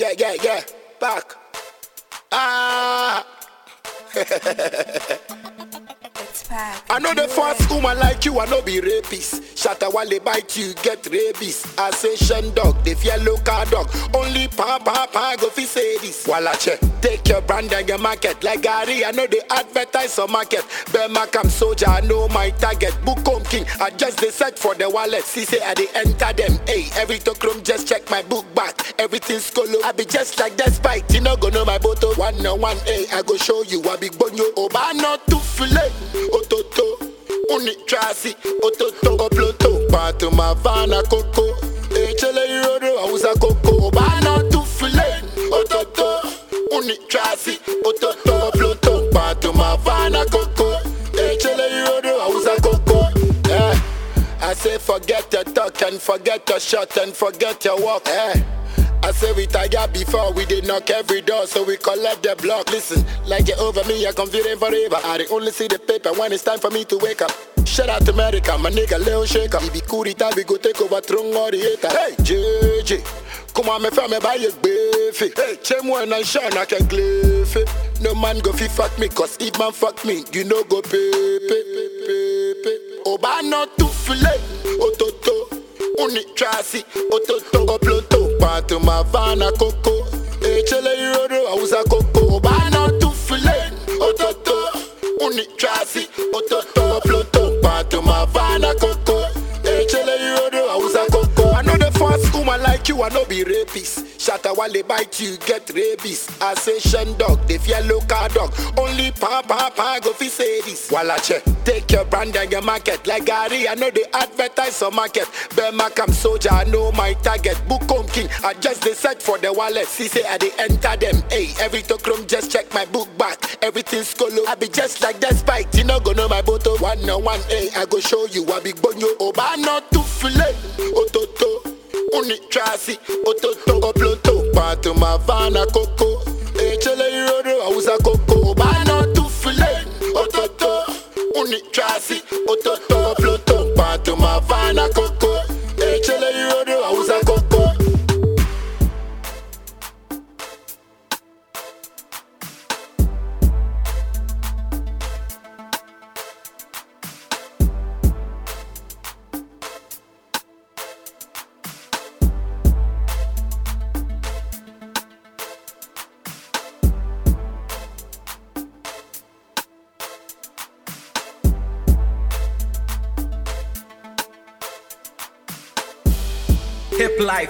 yeah, yeah, yeah, back. Ah. I know the first woman like you, I know be rapist. Shatter while they bite you, get rabies. Assassin dog, the yellow car dog. Only Papa pa pa go fi say this. Walla check, take your brand and your market. Like Gary, I know they advertise on market. Bear come soldier, I know my target. Book king. I just they search for the wallet. See say I they enter them. Hey, every tokrom just check my book back. Everything's colo. I be just like that spike. You know go know my bottle. One on one, hey, I go show you. I big bonyo. Oba oh, not to fillet. Ototo. Uni trasi. Ototo. Oploto. Pato mavana coco. I say forget your talk and forget your shot and forget your walk. Hey. Eh? I say we tired before we did knock every door, so we collect the block. Listen, like it over me, I'm confident forever. I only see the paper when it's time for me to wake up. Shout out to America, my nigga Leo Shaker. If you cool it, we go take over throne or the hater. Hey, JJ, come on, me fam, me buy your beefy. Hey, Chemo and Sean, I can glyph it. No man go fi fuck me, cause if man fuck me, you no go pay, pay, pay. Obano tufule, ototo Unitrasi, ototo Go ploto, pato mavana koko Echele irodo You are no be rapist. Shatter while they bite you, get rabies. Assassin dog, the yellow a dog. Only papa, papa, go fi say this. Walache, take your brand and your market. Like Gary, I know they advertise on market. Bema come soldier, I know my target. Book home king, I just they set for the wallet. See say I they enter them. Hey, every tokrom just check my book back. Everything's colo. I be just like that spike. You know go know my bottle. One on one, hey, I go show you. I be bonyo. Oba not to fillet. Ototo unitrasi ototongo ploto pato mavana koko echele eh, irodo ausa koko bana tufile ototo unitrasi ototongo ploto hiplife